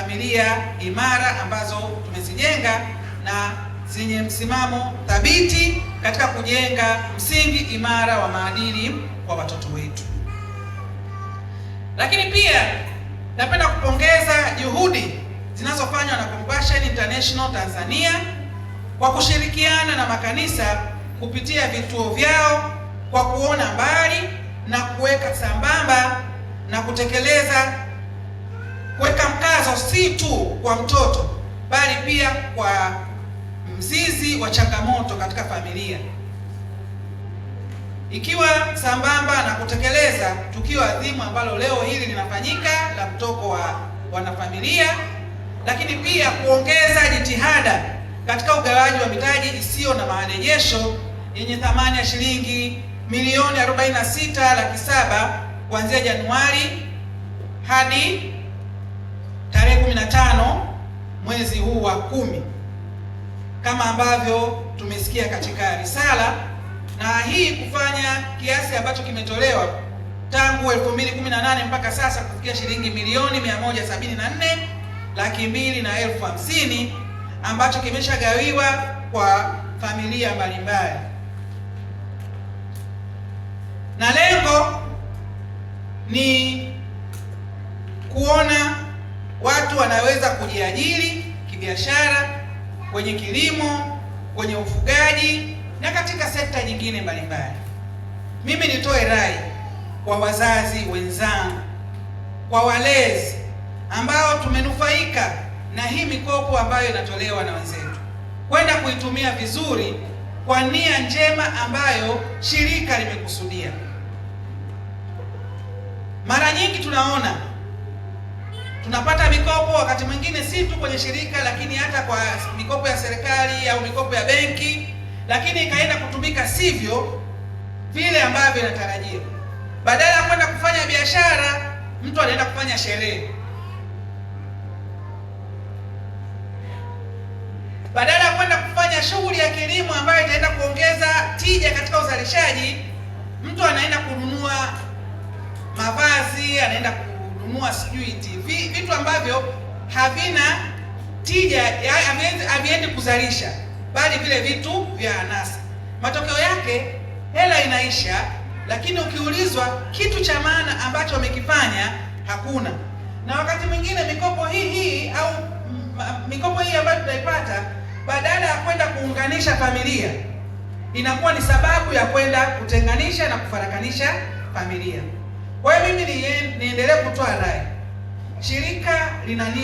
familia imara ambazo tumezijenga na zenye msimamo thabiti katika kujenga msingi imara wa maadili kwa watoto wetu. Lakini pia napenda kupongeza juhudi zinazofanywa na Compassion International Tanzania kwa kushirikiana na makanisa kupitia vituo vyao kwa kuona mbali na kuweka sambamba na kutekeleza kuweka nazo si tu kwa mtoto bali pia kwa mzizi wa changamoto katika familia, ikiwa sambamba na kutekeleza tukio adhimu ambalo leo hili linafanyika la mtoko wa wanafamilia, lakini pia kuongeza jitihada katika ugawaji wa mitaji isiyo na marejesho yenye thamani ya shilingi milioni 46 laki saba kuanzia Januari hadi 15 mwezi huu wa kumi, kama ambavyo tumesikia katika risala, na hii kufanya kiasi ambacho kimetolewa tangu 2018 mpaka sasa kufikia shilingi milioni 174 laki mbili na elfu hamsini ambacho kimeshagawiwa kwa familia mbalimbali, na lengo ni watu wanaweza kujiajiri kibiashara, kwenye kilimo, kwenye ufugaji na katika sekta nyingine mbalimbali. Mimi nitoe rai kwa wazazi wenzangu, kwa walezi ambao tumenufaika na hii mikopo ambayo inatolewa na wenzetu, kwenda kuitumia vizuri kwa nia njema ambayo shirika limekusudia. Mara nyingi tunaona tunapata mikopo wakati mwingine si tu kwenye shirika, lakini hata kwa mikopo ya serikali au mikopo ya benki, lakini ikaenda kutumika sivyo vile ambavyo inatarajiwa. Badala ya kwenda kufanya biashara, mtu anaenda kufanya sherehe. Badala ya kwenda kufanya shughuli ya kilimo ambayo itaenda kuongeza tija katika uzalishaji, mtu anaenda kununua mavazi, anaenda kununua sijui TV, vitu ambavyo havina tija, haviendi kuzalisha, bali vile vitu vya anasa. Matokeo yake hela inaisha, lakini ukiulizwa kitu cha maana ambacho wamekifanya hakuna. Na wakati mwingine mikopo hii hii au mikopo hii ambayo tunaipata badala ya kwenda kuunganisha familia inakuwa ni sababu ya kwenda kutenganisha na kufarakanisha familia. Kwa hiyo mimi niendelee kutoa rai, shirika lina